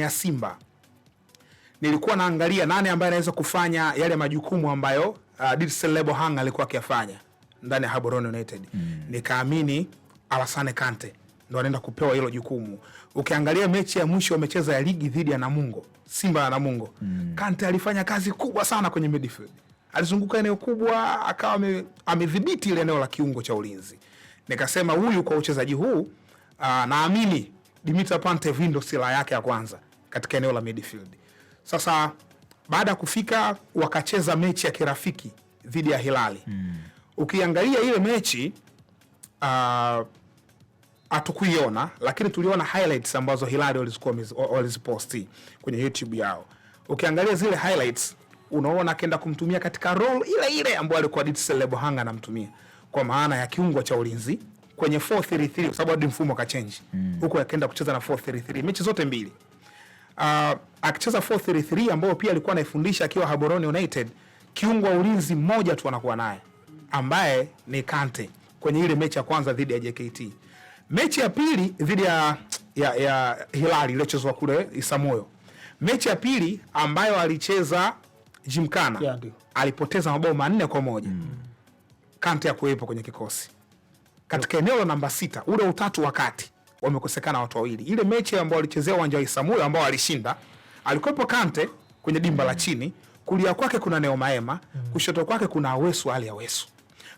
ya Simba nilikuwa naangalia nani ambaye anaweza kufanya yale majukumu ambayo uh, Didsel Lebo Hang alikuwa akiyafanya ndani ya Gaborone United mm. Nikaamini Alassane Kante ndo anaenda kupewa hilo jukumu. Ukiangalia mechi ya mwisho wamecheza ya ligi dhidi ya Namungo, Simba ya Namungo mm. Kante alifanya kazi kubwa sana kwenye midfield, alizunguka eneo kubwa, akawa amedhibiti ile eneo la kiungo cha ulinzi. Nikasema huyu kwa uchezaji huu uh, naamini Dimitar Pantev ndo silaha yake ya kwanza katika eneo la midfield. Sasa baada ya kufika wakacheza mechi ya kirafiki dhidi ya Hilali mm. Ukiangalia ile mechi ah, hatukuiona uh, lakini tuliona highlights ambazo Hilali walizikuwa waliziposti kwenye YouTube yao. Ukiangalia zile highlights unaona akienda kumtumia katika role ile ile ambayo alikuwa Ditsel Lebohanga anamtumia kwa maana ya kiungo cha ulinzi kwenye 433 kwa sababu hadi mfumo akachange mm. huko akaenda kucheza na 433 mechi zote mbili uh, akicheza 433 ambayo pia alikuwa anaifundisha akiwa Haboroni United, kiungo wa ulinzi mmoja tu anakuwa naye ambaye ni Kante kwenye ile mechi ya kwanza dhidi ya JKT. Mechi ya pili dhidi ya, ya, ya Hilali iliyochezwa kule Isamoyo, mechi ya pili ambayo alicheza Jimkana yeah, alipoteza mabao manne kwa moja mm. Kante hakuwepo kwenye kikosi katika eneo la namba sita, ule utatu wakati wamekosekana watu wawili. Ile mechi ambayo alichezea uwanja wa Isamuyo ambao alishinda, alikuwepo Kante kwenye dimba la chini, kulia kwake kuna Neomaema Maema, mm. kushoto kwake kuna Awesu Ali Awesu.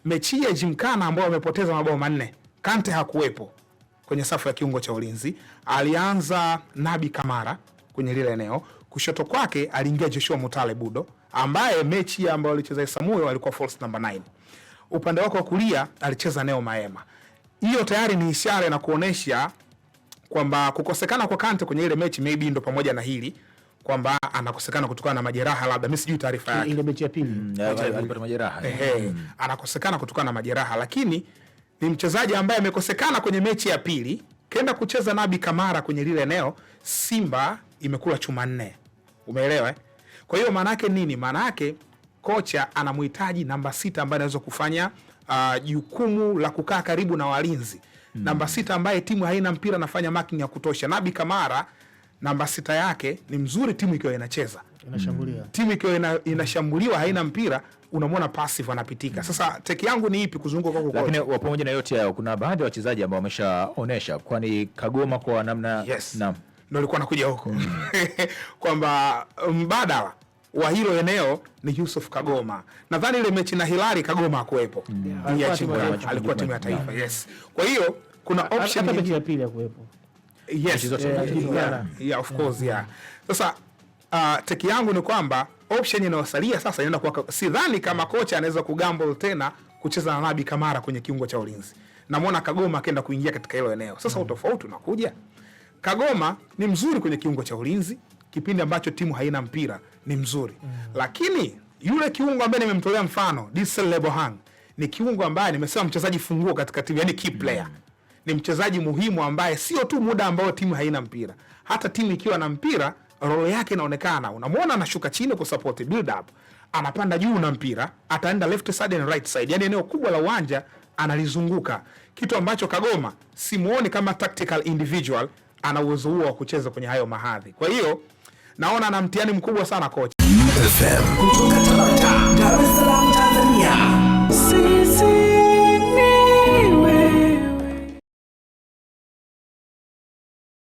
Mechi ya Jimkana ambao wamepoteza mabao manne, Kante hakuwepo kwenye safu ya kiungo cha ulinzi, alianza Nabi Kamara kwenye lile eneo, kushoto kwake aliingia Joshua Mutale Budo ambaye mechi ambayo alicheza Isamuyo alikuwa false number 9. Upande wako wa kulia alicheza Neo Maema hiyo tayari ni ishara na kuonesha kwamba kukosekana kwa Kante kwenye ile mechi maybe ndo pamoja na hili kwamba anakosekana kutokana na majeraha, labda mimi sijui taarifa yake ile mechi ya pili mm, mm. alipata majeraha, mm. anakosekana kutokana na majeraha, lakini ni mchezaji ambaye amekosekana kwenye mechi ya pili, kenda kucheza Nabi Kamara kwenye lile eneo, Simba imekula chuma nne, umeelewa? Eh? Kwa hiyo maana yake nini? Maana yake kocha anamhitaji namba sita ambaye anaweza kufanya uh, jukumu uh, la kukaa karibu na walinzi mm. Namba sita ambaye timu haina mpira anafanya marking ya kutosha. Nabi Kamara namba sita yake ni mzuri, timu ikiwa inacheza inashambulia, hmm. timu ikiwa ina, inashambuliwa haina mpira unamwona passive anapitika. Hmm. Sasa teki yangu ni ipi kuzunguka kwako? Lakini pamoja na yote hayo, kuna baadhi ya wachezaji ambao wameshaonesha, kwani Kagoma kwa namna yes. na ndio alikuwa anakuja huko hmm. kwamba mbadala um, wa hilo eneo ni Yusuf Kagoma. Nadhani ile mechi na Hilali Kagoma hakuwepo. Mm. Yeah. Yeah. Alikuwa timu ya taifa. yeah. Yes. Kwa hiyo kuna option hata mechi ya pili hakuwepo. Yes. Yeah, yeah. of course, yeah. Sasa uh, teki yangu ni kwamba option inayosalia sasa inaenda kwa, sidhani kama kocha anaweza kugamble tena kucheza na Nabi Kamara kwenye kiungo cha ulinzi. Namwona Kagoma akaenda kuingia katika hilo eneo. Sasa mm. utofauti unakuja. Kagoma ni mzuri kwenye kiungo cha ulinzi kipindi ambacho timu haina mpira ni mzuri mm. Lakini yule kiungo ambaye nimemtolea mfano Dickson Lebohang ni kiungo ambaye nimesema mchezaji funguo katika timu, yani key player mm. Ni mchezaji muhimu ambaye sio tu muda ambao timu haina mpira, hata timu ikiwa na mpira role yake inaonekana. Unamwona anashuka chini kusupport build up, anapanda juu na mpira, ataenda left side and right side, yani eneo kubwa la uwanja analizunguka, kitu ambacho Kagoma simuoni kama tactical individual ana uwezo huo wa kucheza kwenye hayo mahadhi. Kwa hiyo naona na mtihani mkubwa sana kocha FM kutoka Dar es Salaam.